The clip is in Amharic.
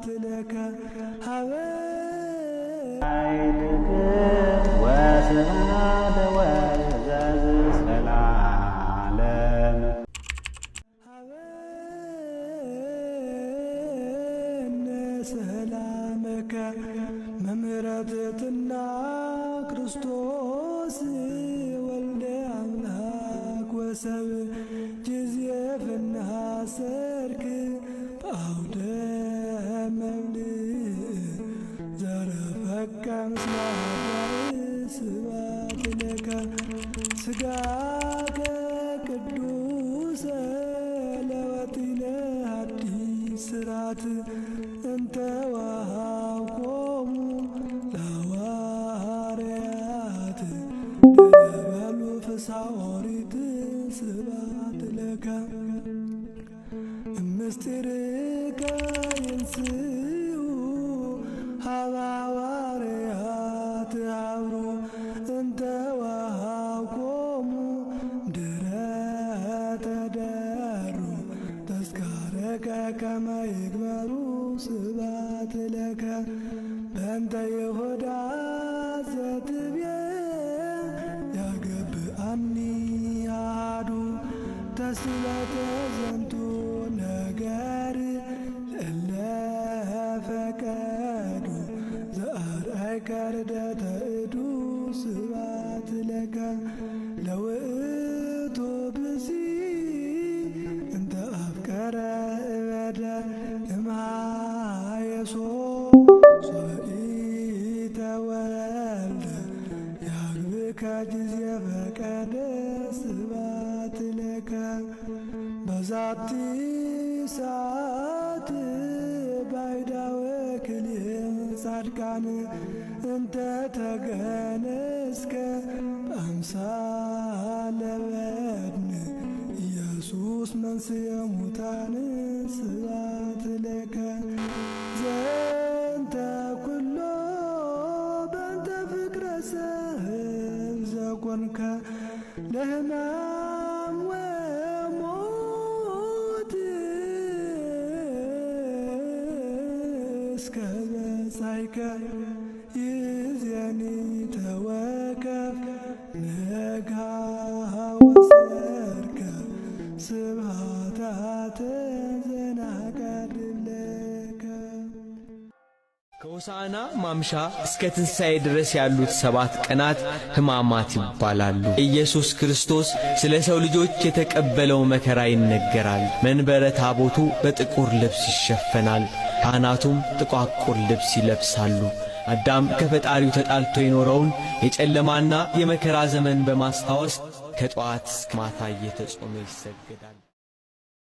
ወባትነከ ሀበ ወስብሐት ወዘዝ ስለዓለም መምህረትትና ክርስቶስ ወልደ አምላክ ወሰብ ጊዜ ሀገራት እንተ ወሀብኮሙ ለሐዋርያት በሉ ፍስሐ ኦሪት ስብሐት ለከ እምስጢርከ ለከ ከመ ይግበሩ ስብሐት ለከ በእንተ ይሁዳ ዘትቤ ያገብአኒ አሐዱ ተስለተ ዘንቱ ነገር እለ ፈቀዱ ዘአርአይከ ርደተ ዛቲ ሰዓት ባይዳወ ክልኤም ጻድቃን እንተ ተገነስከ አምሳለ በድን ኢየሱስ መንሥአ ሙታን ስብሐት ለከ ዘእንተ ኩሎ በእንተ ፍቅረ ሰብ ዘኮንከ ለሕማም እስከ መጻይከ ይእዜኒ ተወከፍ ነጋ ወሰርከ ስብሃታትን ከሆሳዕና ማምሻ እስከ ትንሣኤ ድረስ ያሉት ሰባት ቀናት ሕማማት ይባላሉ። ኢየሱስ ክርስቶስ ስለ ሰው ልጆች የተቀበለው መከራ ይነገራል። መንበረ ታቦቱ በጥቁር ልብስ ይሸፈናል፣ ካህናቱም ጥቋቁር ልብስ ይለብሳሉ። አዳም ከፈጣሪው ተጣልቶ የኖረውን የጨለማና የመከራ ዘመን በማስታወስ ከጠዋት እስከ ማታ እየተጾመ ይሰገዳል።